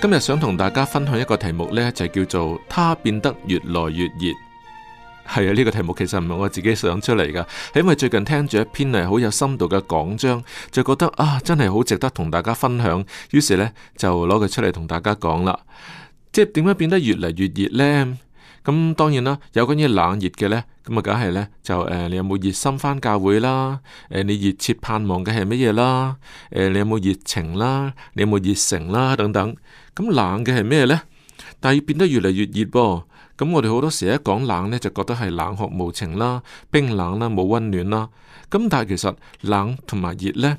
今日想同大家分享一個題目呢，就是，叫做“他變得越來越熱”。係啊，呢、這個題目其實唔係我自己想出嚟噶，係因為最近聽住一篇嚟好有深度嘅講章，就覺得啊真係好值得同大家分享，於是呢，就攞佢出嚟同大家講啦。即係點解變得越嚟越熱呢？咁當然啦，有關於冷熱嘅呢，咁啊梗係呢，就誒、呃，你有冇熱心返教會啦？誒、呃，你熱切盼望嘅係乜嘢啦？誒、呃，你有冇熱情啦？你有冇熱誠啦？等等。咁冷嘅係咩呢？但係變得越嚟越熱噃。咁我哋好多時一講冷呢，就覺得係冷酷無情啦、冰冷啦、冇溫暖啦。咁但係其實冷同埋熱呢，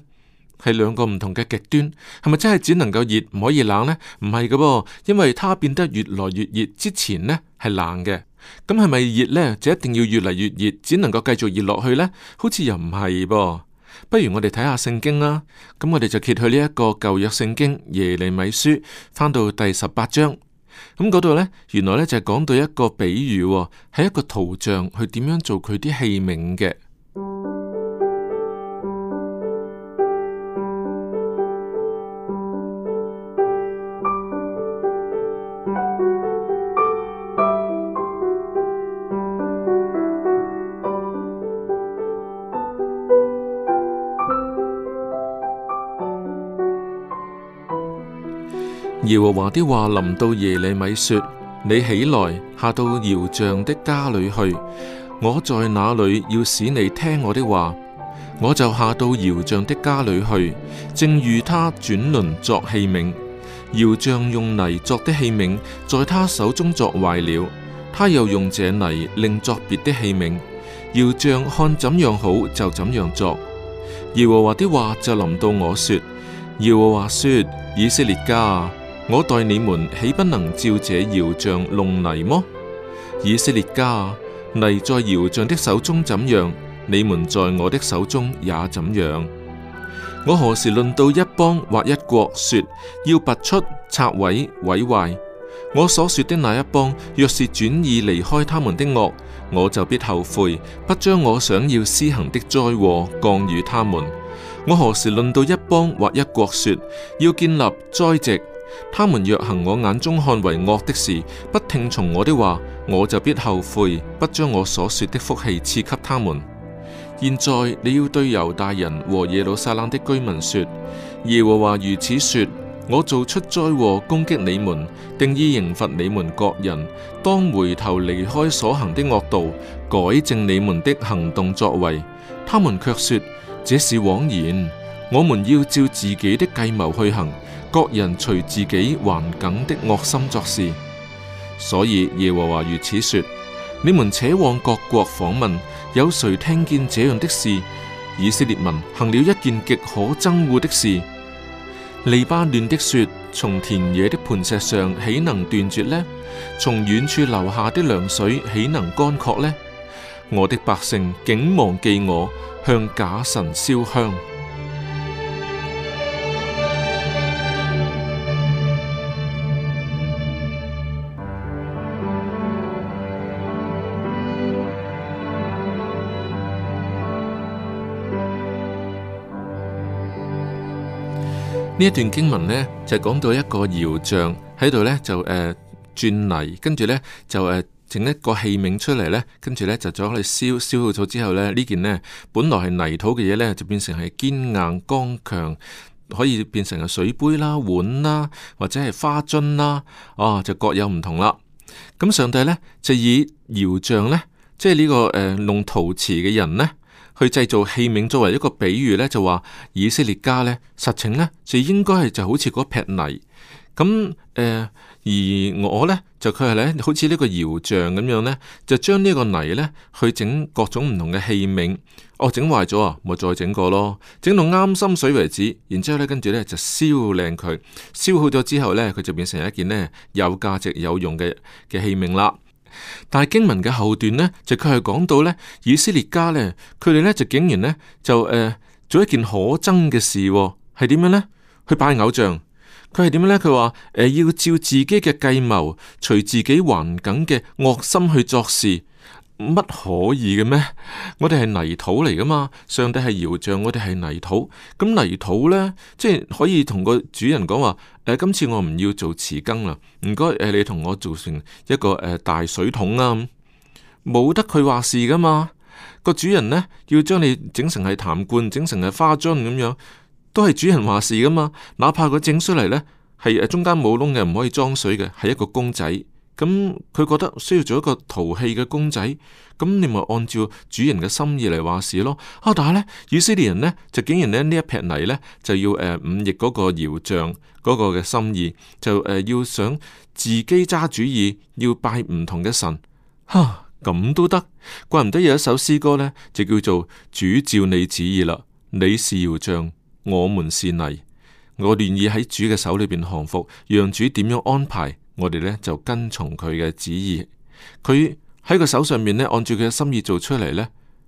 係兩個唔同嘅極端。係咪真係只能夠熱，唔可以冷呢？唔係嘅噃，因為它變得越來越熱之前呢，係冷嘅。咁係咪熱呢？就一定要越嚟越熱，只能夠繼續熱落去呢？好似又唔係噃。不如我哋睇下聖經啦，咁我哋就揭去呢、這、一個舊約聖經耶利米書翻到第十八章，咁嗰度呢，原來呢就係講到一個比喻，係一個圖像去點樣做佢啲器皿嘅。耶和華的話臨到耶利米說：你起來下到窯匠的家裏去，我在那裏要使你聽我的話，我就下到窯匠的家裏去。正如他轉輪作器皿，窯匠用泥作的器皿在他手中作壞了，他又用這泥另作別的器皿。窯匠看怎樣好就怎樣作。耶和華的話就臨到我說：耶和華說，以色列家。我待你們豈不能照這窯匠弄泥麼？以色列家，泥在窯匠的手中怎樣，你們在我的手中也怎樣。我何時論到一邦或一國說要拔出、拆毀、毀壞？我所說的那一邦若是轉意離開他們的惡，我就必後悔，不將我想要施行的災禍降與他們。我何時論到一邦或一國說要建立、栽植？災籍他們若行我眼中看為惡的事，不聽從我的話，我就必後悔，不將我所說的福氣賜給他們。現在你要對猶大人和耶路撒冷的居民說：耶和華如此說，我造出災禍攻擊你們，定意刑罰你們各人，當回頭離開所行的惡道，改正你們的行動作為。他們卻說這是枉然。我們要照自己的計謀去行，各人隨自己頑梗的惡心做事。所以耶和華如此說：你們且往各國訪問，有誰聽見這樣的事？以色列民行了一件極可憎惡的事。黎巴嫩的雪：從田野的磐石上，豈能斷絕呢？從遠處流下的涼水，豈能乾涸呢？我的百姓竟忘記我，向假神燒香。呢一段經文呢，就講到一個窯匠，喺度呢就誒、呃、轉泥，跟住呢就誒整、呃、一個器皿出嚟呢，跟住呢，就再可以燒燒好咗之後呢，呢件呢，本來係泥土嘅嘢呢，就變成係堅硬剛強，可以變成係水杯啦、碗啦，或者係花樽啦，哦、啊、就各有唔同啦。咁上帝呢，就以窯匠呢，即係呢、這個誒、呃、弄陶瓷嘅人呢。去製造器皿作為一個比喻呢，就話以色列家呢，實情呢，就應該係就好似嗰劈泥咁、呃、而我呢，就佢係呢，好似呢個搖像咁樣呢，就將呢個泥呢去整各種唔同嘅器皿，哦，整壞咗啊，咪再整個咯，整到啱心水為止，然之後呢，跟住呢，就燒靚佢，燒好咗之後呢，佢就變成一件呢，有價值有用嘅嘅器皿啦。但係經文嘅後段呢，就佢係講到呢，以色列家呢，佢哋呢就竟然呢，就誒、呃、做一件可憎嘅事，哦，係點樣呢？去拜偶像，佢係點樣呢？佢話誒要照自己嘅計謀，隨自己頑梗嘅惡心去作事。乜可以嘅咩？我哋係泥土嚟噶嘛？上帝係窯匠，我哋係泥土。咁泥土呢，即係可以同個主人講話：呃，今次我唔要做匙羹啦，唔該，你同我做成一個，呃，大水桶啊！冇得佢話事噶嘛？個主人呢，要將你整成係痰罐，整成係花樽咁樣，都係主人話事噶嘛？哪怕佢整出嚟呢，係中間冇窿嘅，唔可以裝水嘅，係一個公仔。咁佢覺得需要做一個陶器嘅公仔，咁你咪按照主人嘅心意嚟話事咯。啊，但係呢，以色列人呢，就竟然咧呢一劈泥呢，就要誒、呃、忤逆嗰個窯匠嗰個嘅心意，就誒、呃、要想自己揸主意，要拜唔同嘅神。吓、啊、咁都得，怪唔得有一首詩歌呢，就叫做主照你旨意啦，你是窯匠，我們是泥，我願意喺主嘅手裏邊降服，讓主點樣安排。我哋咧就跟從佢嘅旨意，佢喺個手上面咧，按照佢嘅心意做出嚟呢，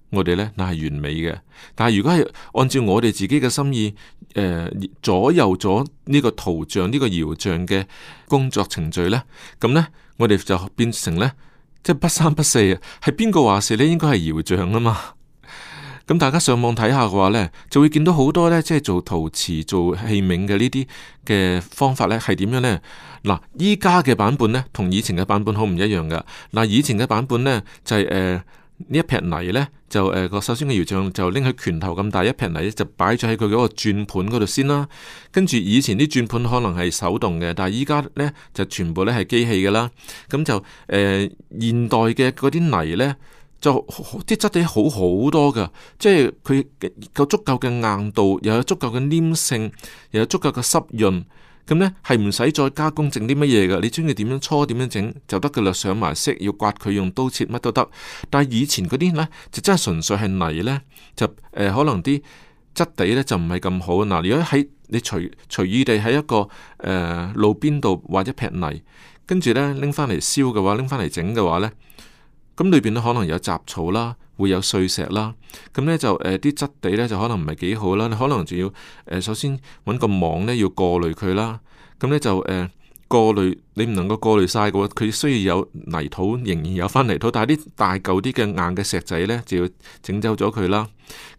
我哋呢，那係完美嘅。但係如果係按照我哋自己嘅心意，誒、呃、左右咗呢個圖像呢、呢個搖像嘅工作程序呢，咁呢，我哋就變成呢，即、就、係、是、不三不四啊！係邊個話事呢？應該係搖像啊嘛。咁大家上網睇下嘅話呢，就會見到好多呢，即係做陶瓷、做器皿嘅呢啲嘅方法呢，係點樣呢？嗱，依家嘅版本呢，同以前嘅版本好唔一樣噶。嗱，以前嘅版本呢，就係、是、呢、呃、一劈泥呢，就誒個、呃、首先嘅模像就拎起拳頭咁大一劈泥，就擺咗喺佢嗰個轉盤嗰度先啦。跟住以前啲轉盤可能係手動嘅，但係依家呢，就全部呢係機器嘅啦。咁就誒、呃、現代嘅嗰啲泥呢。就啲質地好好多嘅，即係佢夠足夠嘅硬度，又有足夠嘅黏性，又有足夠嘅濕潤，咁呢係唔使再加工整啲乜嘢嘅。你中意點樣搓點樣整就得嘅啦。上埋色要刮佢用刀切乜都得。但係以前嗰啲呢，就真係純粹係泥呢，就誒、呃、可能啲質地呢就唔係咁好。嗱、呃，如果喺你隨隨意地喺一個誒、呃、路邊度挖一劈泥，跟住呢拎翻嚟燒嘅話，拎翻嚟整嘅話呢。咁裏邊呢可能有雜草啦，會有碎石啦，咁呢就誒啲質地呢，就可能唔係幾好啦，你可能仲要誒、呃、首先搵個網呢，要過濾佢啦，咁呢就誒、呃、過濾，你唔能夠過濾晒嘅話，佢需要有泥土，仍然有返泥土，但係啲大嚿啲嘅硬嘅石仔呢，就要整走咗佢啦，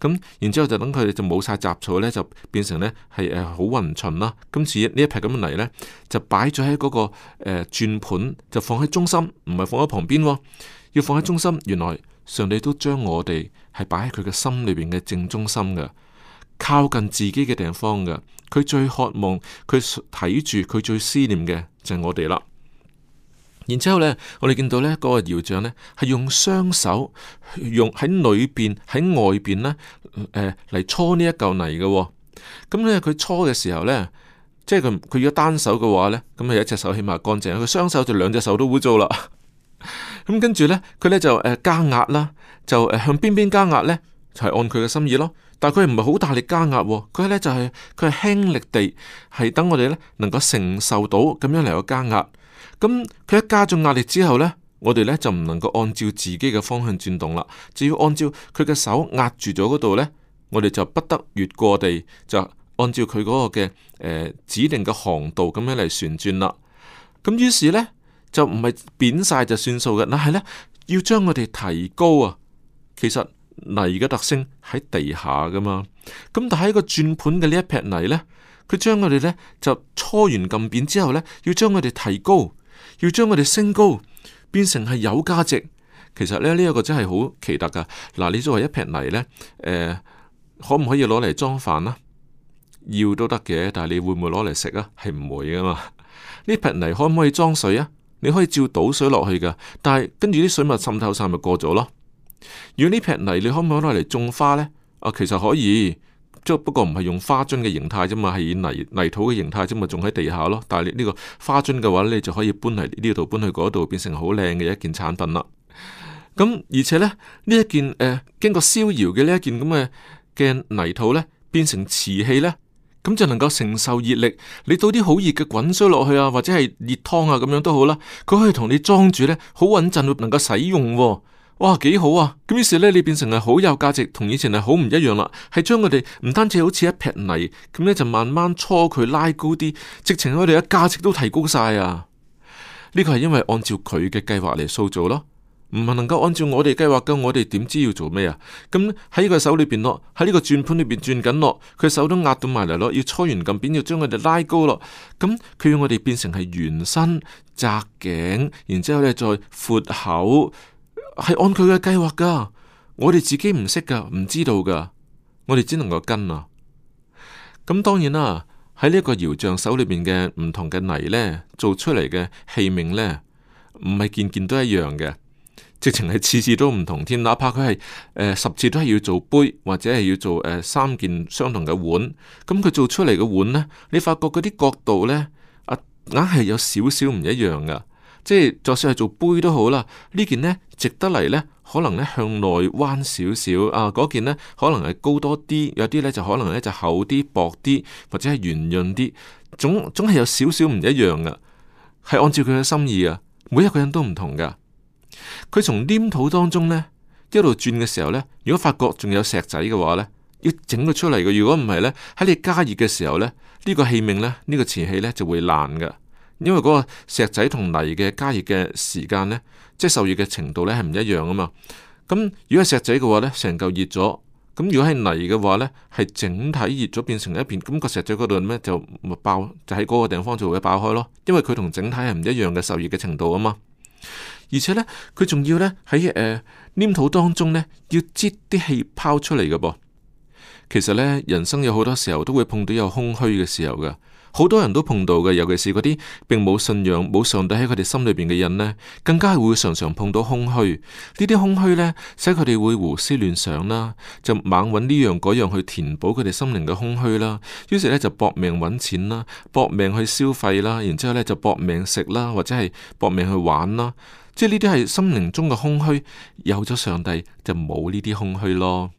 咁、嗯、然之後就等佢哋就冇晒雜草呢，就變成呢係誒好勻勻啦，咁至於呢一撇咁嘅泥呢就擺咗喺嗰個誒轉盤，就放喺、那個呃、中心，唔係放喺旁邊。哦要放喺中心，原來上帝都將我哋係擺喺佢嘅心裏邊嘅正中心嘅，靠近自己嘅地方嘅。佢最渴望，佢睇住，佢最思念嘅就係我哋啦。然之後咧，我哋見到呢嗰、嗰個窯匠呢，係用雙手，用喺裏邊，喺外邊呢嚟搓呢一嚿泥嘅。咁呢，佢、呃、搓嘅、哦嗯嗯、時候呢，即係佢佢如果單手嘅話咧，咁有一隻手起碼乾淨，佢雙手就兩隻手都污糟啦。咁跟住呢，佢呢就誒加壓啦，就向邊邊加壓呢，就係按佢嘅心意咯。但係佢唔係好大力加壓，佢呢就係佢係輕力地，係等我哋呢能夠承受到咁樣嚟，個加壓。咁佢一加重壓力之後呢，我哋呢就唔能夠按照自己嘅方向轉動啦，就要按照佢嘅手壓住咗嗰度呢，我哋就不得越過地，就按照佢嗰個嘅指定嘅航道咁樣嚟旋轉啦。咁於是呢，就唔係扁晒就算數嘅，但係呢，要將佢哋提高啊！其實泥嘅特性喺地下噶嘛，咁但係一個轉盤嘅呢一劈泥呢，佢將佢哋呢，就搓完咁扁之後呢，要將佢哋提高，要將佢哋升高，變成係有價值。其實呢呢一個真係好奇特噶。嗱，你作為一劈泥呢，呃、可唔可以攞嚟裝飯啊？要都得嘅，但係你會唔會攞嚟食啊？係唔會噶嘛？呢劈泥可唔可以裝水啊？你可以照倒水落去㗎，但係跟住啲水咪滲透晒咪過咗咯。如果呢劈泥，你可唔可以攞嚟種花呢？啊，其實可以，即不過唔係用花樽嘅形態啫嘛，係以泥泥土嘅形態啫嘛，種喺地下咯。但係呢個花樽嘅話你就可以搬嚟呢度搬去嗰度，變成好靚嘅一件產品啦。咁而且呢，呢一件誒、呃、經過燒窯嘅呢一件咁嘅嘅泥土呢，變成瓷器呢。咁就能夠承受熱力，你倒啲好熱嘅滾水落去啊，或者係熱湯啊，咁樣都好啦。佢可以同你裝住呢，好穩陣，能夠使用啊。哇，幾好啊！咁於是呢，你變成係好有價值，同以前係好唔一樣啦。係將我哋唔單止好似一撇泥，咁咧就慢慢搓佢拉高啲，直情我哋嘅價值都提高晒啊！呢個係因為按照佢嘅計劃嚟塑造咯。唔係能夠按照我哋計劃噶，我哋點知要做咩啊？咁喺佢手裏邊咯，喺呢個轉盤裏邊轉緊咯，佢手都壓到埋嚟咯，要搓圓撳扁要將佢哋拉高咯。咁佢要我哋變成係圓身窄頸，然之後呢再闊口，係按佢嘅計劃噶。我哋自己唔識噶，唔知道噶，我哋只能夠跟啊。咁當然啦，喺呢一個窑匠手裏邊嘅唔同嘅泥呢，做出嚟嘅器皿呢，唔係件件都一樣嘅。直情係次次都唔同添。哪怕佢係誒十次都係要做杯，或者係要做誒、呃、三件相同嘅碗。咁佢做出嚟嘅碗呢，你發覺嗰啲角度呢，啊硬係有少少唔一樣噶。即係就算係做杯都好啦，呢件呢值得嚟呢，可能呢向內彎少少啊，嗰件呢可能係高多啲，有啲呢就可能呢就厚啲、薄啲，或者係圓潤啲，總總係有少少唔一樣噶。係按照佢嘅心意啊，每一個人都唔同噶。佢從黏土當中呢，一路轉嘅時候呢，如果發覺仲有石仔嘅話呢，要整佢出嚟嘅。如果唔係呢，喺你加熱嘅時候呢，呢個器皿呢，呢個瓷器呢，就會爛嘅，因為嗰個石仔同泥嘅加熱嘅時間呢，即係受熱嘅程度呢，係唔一樣啊嘛。咁如果石仔嘅話呢，成嚿熱咗，咁如果係泥嘅話呢，係整體熱咗變成一片，咁個石仔嗰度呢，就冇爆，就喺嗰個地方就會爆開咯，因為佢同整體係唔一樣嘅受熱嘅程度啊嘛。而且呢，佢仲要呢喺誒黏土當中呢，要擠啲氣泡出嚟㗎噃。其實呢，人生有好多時候都會碰到有空虛嘅時候㗎，好多人都碰到嘅。尤其是嗰啲並冇信仰、冇上帝喺佢哋心裏邊嘅人呢，更加係會常常碰到空虛。呢啲空虛呢，使佢哋會胡思亂想啦，就猛揾呢樣嗰樣去填補佢哋心靈嘅空虛啦。於是呢，就搏命揾錢啦，搏命去消費啦，然之後呢就搏命食啦，或者係搏命去玩啦。即係呢啲係心靈中嘅空虛，有咗上帝就冇呢啲空虛咯。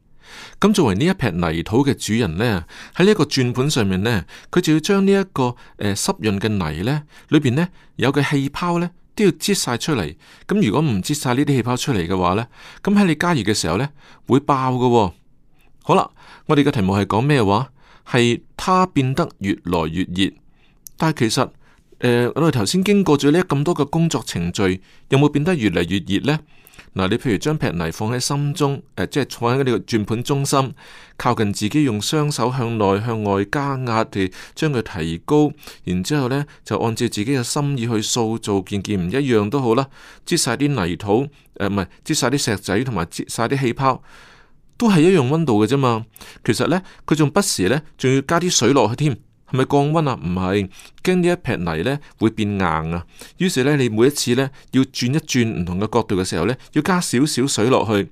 咁、嗯、作為呢一撇泥土嘅主人呢，喺呢一個轉盤上面呢，佢就要將呢一個誒濕潤嘅泥呢裏邊呢，有嘅氣泡呢都要擠晒出嚟。咁如果唔擠晒呢啲氣泡出嚟嘅話呢，咁喺你加熱嘅時候呢，會爆㗎，哦。好啦，我哋嘅題目係講咩話？係它變得越來越熱，但係其實。我哋頭先經過咗呢咁多嘅工作程序，有冇變得越嚟越熱呢？嗱，你譬如將劈泥放喺心中，呃、即係坐喺你個轉盤中心，靠近自己，用雙手向內向外加壓，地將佢提高，然之後呢，就按照自己嘅心意去塑造，件件唔一樣都好啦。擠晒啲泥土，唔係擠晒啲石仔，同埋擠晒啲氣泡，都係一樣温度嘅啫嘛。其實呢，佢仲不時呢，仲要加啲水落去添。咪降溫啊！唔係驚呢一撇泥咧會變硬啊，於是咧你每一次咧要轉一轉唔同嘅角度嘅時候咧，要加少少水落去，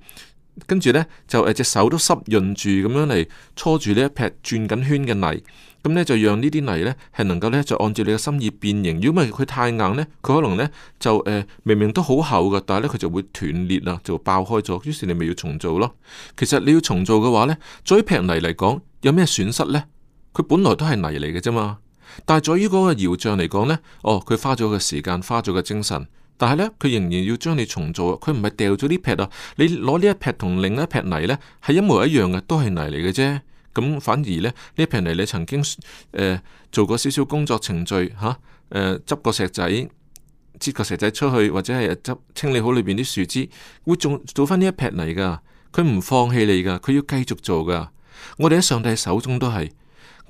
跟住咧就誒隻手都濕潤住咁樣嚟搓住呢一撇轉緊圈嘅泥，咁咧就讓呢啲泥咧係能夠咧就按照你嘅心意變形。如果唔係佢太硬咧，佢可能咧就誒明明都好厚嘅，但係咧佢就會斷裂喇，就爆開咗。於是你咪要重做咯。其實你要重做嘅話咧，做一撇泥嚟講有咩損失咧？佢本來都係泥嚟嘅啫嘛，但係在於嗰個窑匠嚟講呢，哦，佢花咗個時間，花咗個精神，但係呢，佢仍然要將你重做。佢唔係掉咗呢劈啊，你攞呢一劈同另一劈泥呢，係一模一樣嘅，都係泥嚟嘅啫。咁反而呢，呢一劈泥，你曾經誒、呃、做過少少工作程序吓誒，執、啊、個、呃、石仔，切個石仔出去，或者係執清理好裏邊啲樹枝，會做做翻呢一劈泥噶。佢唔放棄你噶，佢要繼續做噶。我哋喺上帝手中都係。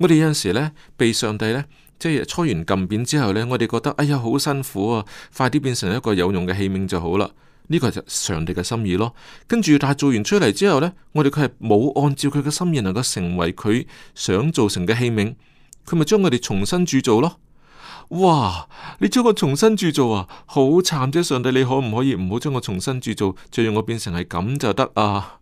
我哋有陣時咧，被上帝咧，即係搓完撳扁之後咧，我哋覺得哎呀好辛苦啊，快啲變成一個有用嘅器皿就好啦。呢、這個就上帝嘅心意咯。跟住但係做完出嚟之後呢，我哋佢係冇按照佢嘅心意，能夠成為佢想做成嘅器皿，佢咪將我哋重新鑄造咯。哇！你將我重新鑄造啊，好慘啫、啊！上帝，你可唔可以唔好將我重新鑄造，就讓我變成係咁就得啊？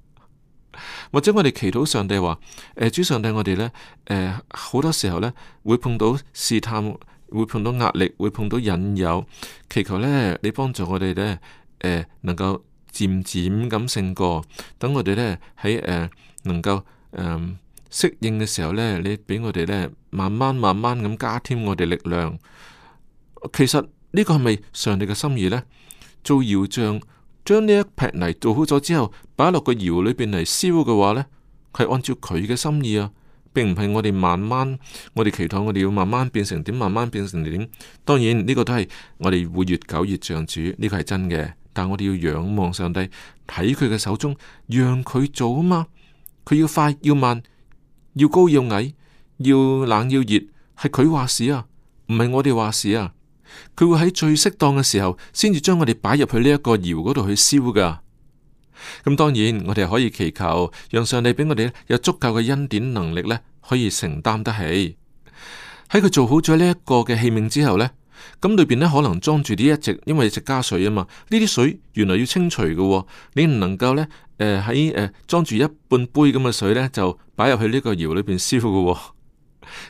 或者我哋祈禱上帝話，誒、呃，主上帝我呢，我哋咧，誒，好多時候咧會碰到試探，會碰到壓力，會碰到引誘，祈求咧你幫助我哋咧，誒、呃，能夠漸漸咁勝過，等我哋咧喺誒能夠誒、呃、適應嘅時候咧，你俾我哋咧慢慢慢慢咁加添我哋力量。其實呢、這個係咪上帝嘅心意咧？造謠將。將呢一劈泥做好咗之後，擺落個窑裏邊嚟燒嘅話呢係按照佢嘅心意啊，並唔係我哋慢慢，我哋期待我哋要慢慢變成點，慢慢變成點。當然呢個都係我哋會越久越像主，呢個係真嘅。但我哋要仰望上帝睇佢嘅手中，讓佢做啊嘛，佢要快要慢，要高要矮，要冷要熱，係佢話事啊，唔係我哋話事啊。佢會喺最適當嘅時候，先至將我哋擺入去呢一個窯嗰度去燒噶。咁當然，我哋可以祈求，讓上帝俾我哋有足夠嘅恩典能力呢可以承擔得起。喺佢做好咗呢一個嘅器皿之後呢，咁裏邊呢可能裝住呢一隻，因為一直加水啊嘛，呢啲水原來要清除嘅，你唔能夠呢誒喺誒裝住一半杯咁嘅水呢，就擺入去呢個窯裏邊燒嘅。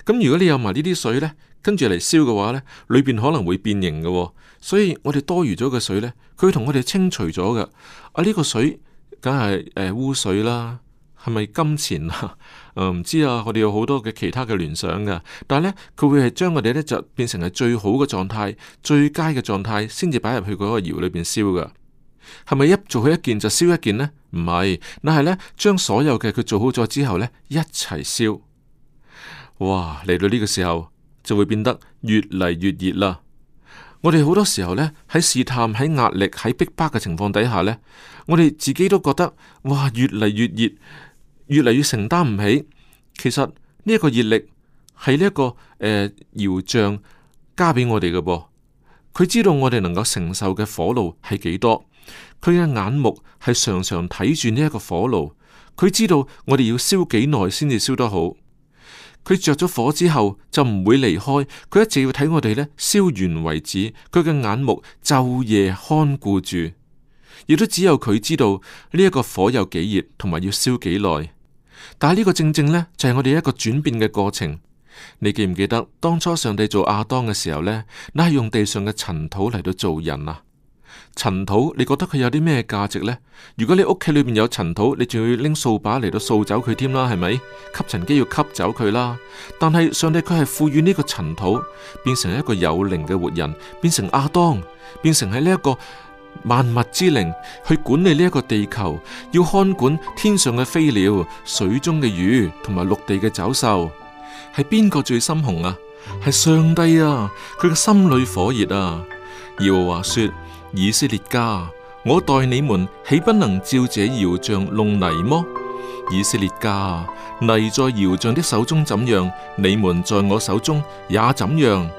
咁如果你有埋呢啲水呢。跟住嚟燒嘅話呢，裏邊可能會變形嘅。哦，所以我哋多餘咗嘅水呢，佢會同我哋清除咗嘅。啊呢、呢個水，梗係、呃、污水啦，係咪金錢啊？唔、嗯、知啊，我哋有好多嘅其他嘅聯想嘅。但係呢，佢會係將我哋呢就變成係最好嘅狀態、最佳嘅狀態，先至擺入去嗰個窑裏邊燒嘅。係咪一做好一件就燒一件呢？唔係，但係呢，將所有嘅佢做好咗之後呢，一齊燒。哇！嚟到呢個時候。就會變得越嚟越熱啦。我哋好多時候呢，喺試探、喺壓力、喺逼迫嘅情況底下呢，我哋自己都覺得哇，越嚟越熱，越嚟越承擔唔起。其實呢一個熱力係呢一個誒窑匠加俾我哋嘅噃。佢知道我哋能夠承受嘅火爐係幾多，佢嘅眼目係常常睇住呢一個火爐。佢知道我哋要燒幾耐先至燒得好。佢着咗火之後就唔會離開，佢一直要睇我哋咧燒完為止，佢嘅眼目晝夜看顧住，亦都只有佢知道呢一個火有幾熱同埋要燒幾耐。但係呢個正正呢，就係我哋一個轉變嘅過程。你記唔記得當初上帝做亞當嘅時候呢？那係用地上嘅塵土嚟到做人啊？塵土，你覺得佢有啲咩價值呢？如果你屋企裏面有塵土，你仲要拎掃把嚟到掃走佢添啦，係咪？吸塵機要吸走佢啦。但係上帝佢係賦予呢個塵土變成一個有靈嘅活人，變成亞當，變成喺呢一個萬物之靈去管理呢一個地球，要看管天上嘅飛鳥、水中嘅魚同埋陸地嘅走獸。係邊個最心紅啊？係上帝啊，佢嘅心裏火熱啊。要話說。以色列家，我待你們豈不能照這窯匠弄泥麼？以色列家，泥在窯匠的手中怎樣，你們在我手中也怎樣。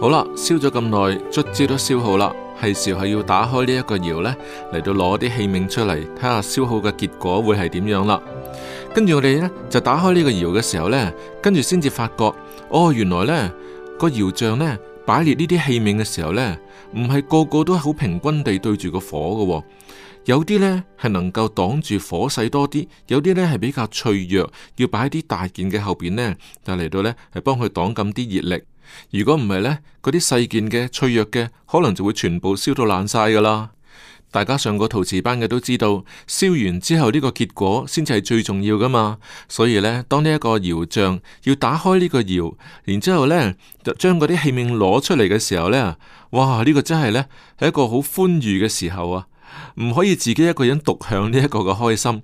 好啦，燒咗咁耐，卒之都燒好啦。係時候係要打開呢一個窑呢，嚟到攞啲器皿出嚟，睇下燒好嘅結果會係點樣啦。跟住我哋呢，就打開呢個窑嘅時候呢，跟住先至發覺，哦，原來呢、呢個窑像呢，擺列呢啲器皿嘅時候呢，唔係個個都好平均地對住個火嘅哦。有啲呢係能夠擋住火勢多啲，有啲呢係比較脆弱，要擺喺啲大件嘅後邊呢，就嚟到呢係幫佢擋咁啲熱力。如果唔係呢，嗰啲細件嘅、脆弱嘅，可能就會全部燒到爛晒噶啦。大家上過陶瓷班嘅都知道，燒完之後呢個結果先至係最重要噶嘛。所以呢，當呢一個窑匠要打開呢個窑然之後咧就將嗰啲器皿攞出嚟嘅時候呢，哇！呢個真係呢，係一個好歡愉嘅時候啊！唔可以自己一個人獨享呢一個嘅開心，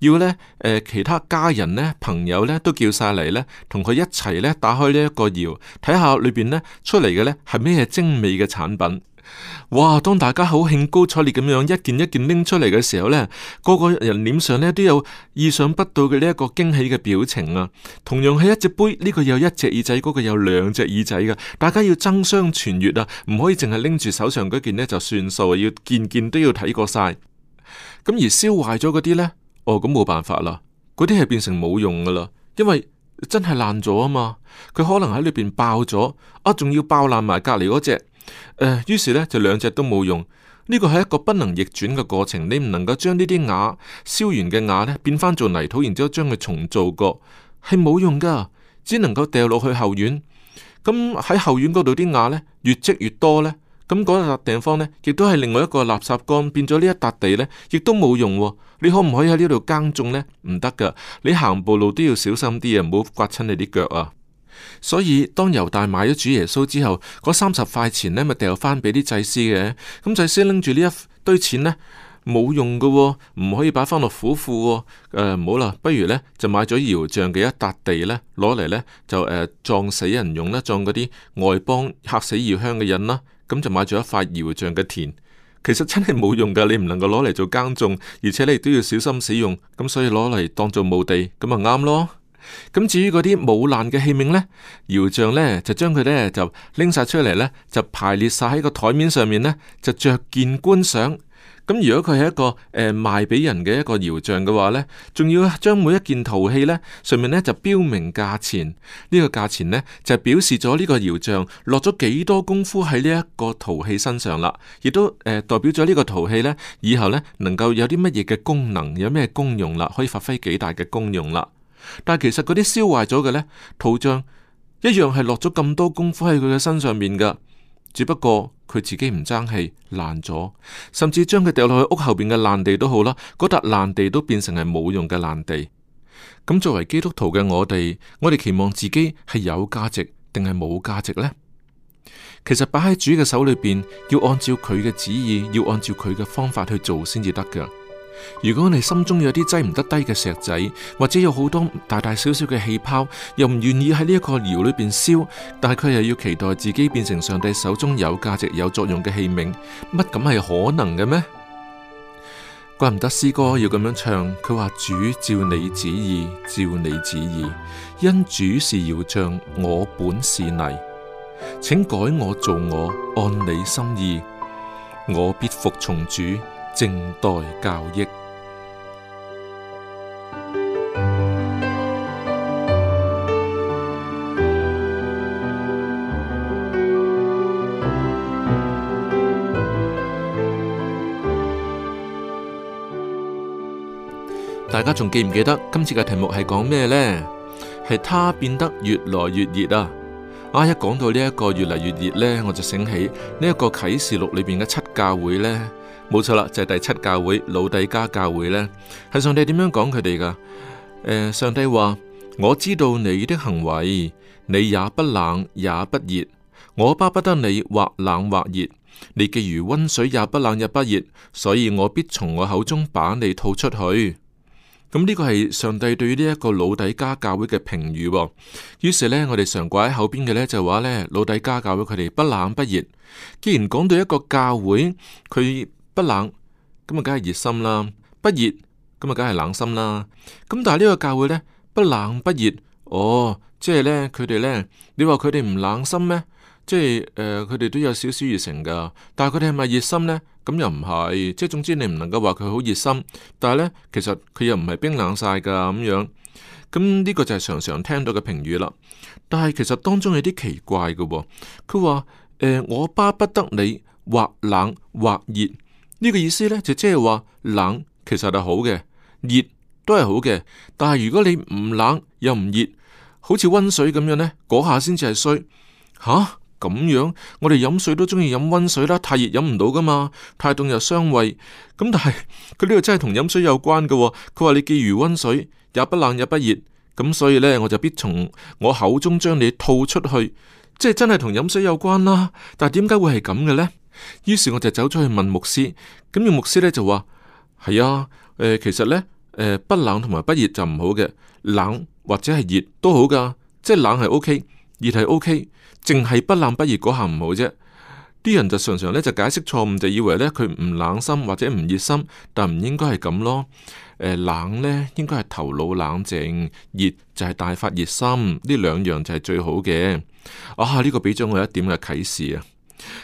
要呢，誒、呃、其他家人呢，朋友呢，都叫晒嚟呢，同佢一齊呢，打開呢一個窯，睇下裏邊呢，出嚟嘅呢，係咩精美嘅產品。哇！當大家好興高采烈咁樣一件一件拎出嚟嘅時候呢，個個人臉上呢都有意想不到嘅呢一個驚喜嘅表情啊！同樣係一隻杯，呢個有一隻耳仔，嗰個有兩隻耳仔噶。大家要爭相傳閱啊，唔可以淨係拎住手上嗰件呢，就算數，要件件都要睇過晒。咁而燒壞咗嗰啲呢，哦，咁冇辦法啦，嗰啲係變成冇用噶啦，因為真係爛咗啊嘛，佢可能喺裏邊爆咗啊，仲要爆爛埋隔籬嗰隻。誒、呃，於是呢，就兩隻都冇用，呢個係一個不能逆轉嘅過程。你唔能夠將燒呢啲瓦燒完嘅瓦咧變翻做泥土，然之後將佢重做過，係冇用噶。只能夠掉落去後院。咁喺後院嗰度啲瓦呢，越積越多呢。咁嗰笪地方呢，亦都係另外一個垃圾缸，變咗呢一笪地呢，亦都冇用。你可唔可以喺呢度耕種呢？唔得噶。你行步路都要小心啲啊，唔好刮親你啲腳啊。所以當猶大買咗主耶穌之後，嗰三十塊錢呢咪掉翻俾啲祭司嘅。咁祭司拎住呢一堆錢呢，冇用噶、哦，唔可以擺翻落府庫，誒唔好啦，不如呢，就買咗窯匠嘅一笪地呢，攞嚟呢，就誒葬、呃、死人用啦，葬嗰啲外邦吓死異鄉嘅人啦，咁就買咗一塊窯匠嘅田，其實真係冇用噶，你唔能夠攞嚟做耕種，而且你都要小心使用，咁所以攞嚟當做墓地咁啊啱咯。咁至於嗰啲冇爛嘅器皿呢，窯匠呢就將佢呢就拎晒出嚟，呢就排列晒喺個台面上面呢就着見觀賞。咁如果佢係一個誒、呃、賣俾人嘅一個窯匠嘅話呢，仲要將每一件陶器呢上面呢就標明價錢。呢、呢個價錢呢就表示咗呢個窯匠落咗幾多功夫喺呢一個陶器身上啦，亦都誒、呃、代表咗呢個陶器呢以後呢能夠有啲乜嘢嘅功能，有咩功用啦，可以發揮幾大嘅功用啦。但其實嗰啲燒壞咗嘅，呢圖像一樣係落咗咁多功夫喺佢嘅身上面噶只不過佢自己唔爭氣爛咗，甚至將佢掉落去屋後邊嘅爛地都好啦，嗰笪爛地都變成係冇用嘅爛地。咁、嗯、作為基督徒嘅我哋，我哋期望自己係有價值定係冇價值呢？其實擺喺主嘅手裏邊，要按照佢嘅旨意，要按照佢嘅方法去做先至得㗎。如果你心中有啲擠唔得低嘅石仔，或者有好多大大小小嘅氣泡，又唔願意喺呢一個窑裏邊燒，但係佢又要期待自己變成上帝手中有價值、有作用嘅器皿，乜咁係可能嘅咩？怪唔得詩歌要咁樣唱，佢話，主照你旨意，照你旨意，因主是窑匠，我本是泥，請改我做我，按你心意，我必服從主。正代教益。大家仲記唔記得今次嘅題目係講咩呢？係他變得越來越熱啊！我、啊、一講到呢一個越嚟越熱呢，我就醒起呢一個啟示錄裏邊嘅七教會呢。冇錯啦，就係、是、第七教會老底加教會呢。係上帝點樣講佢哋噶？誒，上帝話：我知道你的行為，你也不冷也不熱，我巴不得你或冷或熱，你既如溫水，也不冷也不熱，所以我必從我口中把你吐出去。咁、嗯、呢、這個係上帝對於呢一個老底加教會嘅評語。於是呢，我哋常掛喺口邊嘅呢，就話呢：「老底加教會佢哋不冷不熱」。既然講到一個教會，佢。不冷咁啊，梗係熱心啦；不熱咁啊，梗係冷心啦。咁但係呢個教會呢，不冷不熱哦，即係呢，佢哋呢，你話佢哋唔冷心咩？即係佢哋都有少少熱誠噶。但係佢哋係咪熱心呢？咁又唔係。即係總之你唔能夠話佢好熱心，但係呢，其實佢又唔係冰冷晒噶咁樣。咁呢個就係常常聽到嘅評語啦。但係其實當中有啲奇怪嘅，哦，佢話，呃，我巴不得你或冷或熱。呢個意思呢，就即係話冷其實係好嘅，熱都係好嘅。但係如果你唔冷又唔熱，好似温水咁樣呢，嗰下先至係衰吓。咁樣我哋飲水都中意飲温水啦，太熱飲唔到噶嘛，太凍又傷胃。咁但係佢呢個真係同飲水有關噶喎。佢話你既如温水，也不冷也不熱，咁所以呢，我就必從我口中將你吐出去，即係真係同飲水有關啦。但係點解會係咁嘅呢？於是我就走出去問牧師，咁個牧師咧就話：係啊，誒，其實咧，誒，不冷同埋不熱就唔好嘅，冷或者係熱都好噶，即係冷係 OK，熱係 OK，淨係不冷不熱嗰下唔好啫。啲人就常常咧就解釋錯誤，就以為咧佢唔冷心或者唔熱心，但唔應該係咁咯。誒，冷咧應該係頭腦冷靜，熱就係大發熱心，呢兩樣就係最好嘅。啊，呢個俾咗我一點嘅啟示啊！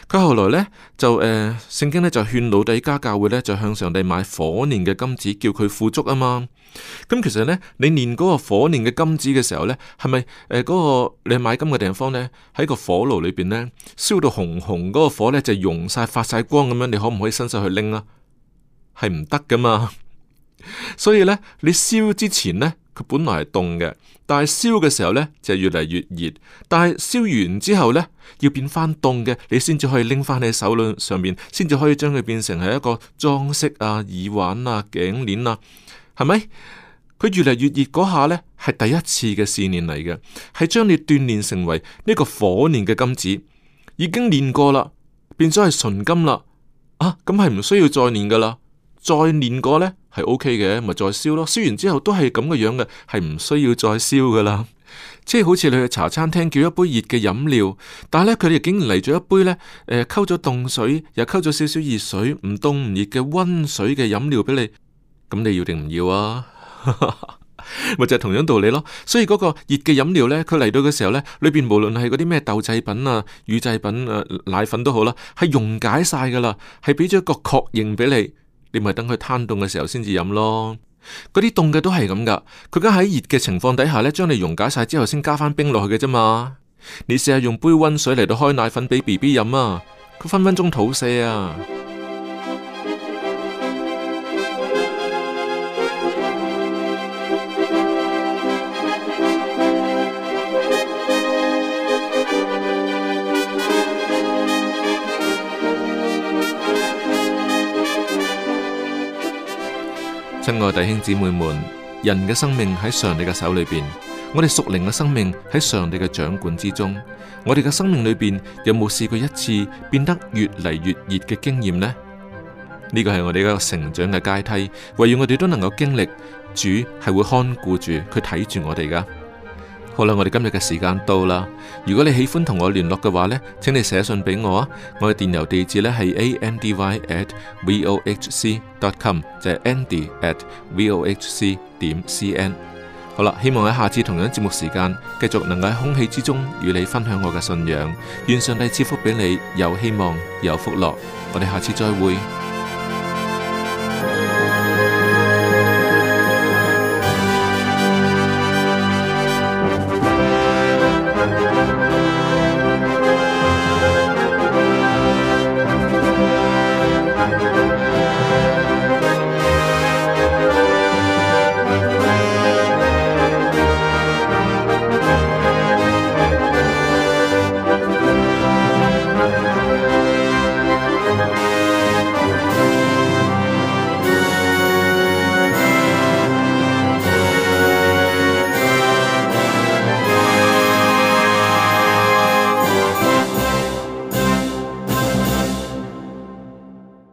佢後來呢，就誒、呃，聖經咧就勸老底加教會呢，就向上帝買火煉嘅金子，叫佢富足啊嘛。咁其實呢，你煉嗰個火煉嘅金子嘅時候呢，係咪嗰個你買金嘅地方呢？喺個火爐裏邊呢，燒到紅紅嗰個火呢，就溶晒發晒光咁樣，你可唔可以伸手去拎啊？係唔得噶嘛。所以呢，你燒之前呢。佢本來係凍嘅，但係燒嘅時候呢就係越嚟越熱，但係燒完之後呢，要變翻凍嘅，你先至可以拎翻你手輪上面，先至可以將佢變成係一個裝飾啊、耳環啊、頸鏈啊，係咪？佢越嚟越熱嗰下呢，係第一次嘅試煉嚟嘅，係將你鍛煉成為呢個火煉嘅金子，已經練過啦，變咗係純金啦，啊，咁係唔需要再練噶啦，再練過呢。係 O K 嘅，咪、OK、再燒咯。燒完之後都係咁嘅樣嘅，係唔需要再燒噶啦。即 係好似你去茶餐廳叫一杯熱嘅飲料，但係呢，佢哋竟然嚟咗一杯呢，誒、呃，溝咗凍水，又溝咗少少熱水，唔凍唔熱嘅温水嘅飲料俾你，咁你要定唔要啊？咪 就係同樣道理咯。所以嗰個熱嘅飲料呢，佢嚟到嘅時候呢，裏邊無論係嗰啲咩豆製品啊、乳製品啊、奶粉都好啦，係溶解晒噶啦，係俾咗一個確認俾你。你咪等佢攤凍嘅時候先至飲咯，嗰啲凍嘅都係咁噶。佢梗喺熱嘅情況底下呢，將你溶解晒之後先加翻冰落去嘅啫嘛。你試下用杯温水嚟到開奶粉俾 B B 飲啊，佢分分鐘肚瀉啊！親愛弟兄姊妹們，人嘅生命喺上帝嘅手裏邊，我哋屬靈嘅生命喺上帝嘅掌管之中。我哋嘅生命裏邊有冇試過一次變得越嚟越熱嘅經驗呢？呢個係我哋一個成長嘅階梯，唯願我哋都能夠經歷。主係會看顧住佢睇住我哋㗎。好啦，我哋今日嘅時間到啦。如果你喜歡同我聯絡嘅話呢，請你寫信俾我啊。我嘅電郵地址呢係 a n d y at v o h c dot com，就係 andy at v o h c 點 c n。好啦，希望喺下次同樣節目時間，繼續能夠喺空氣之中與你分享我嘅信仰。願上帝賜福俾你，有希望，有福樂。我哋下次再會。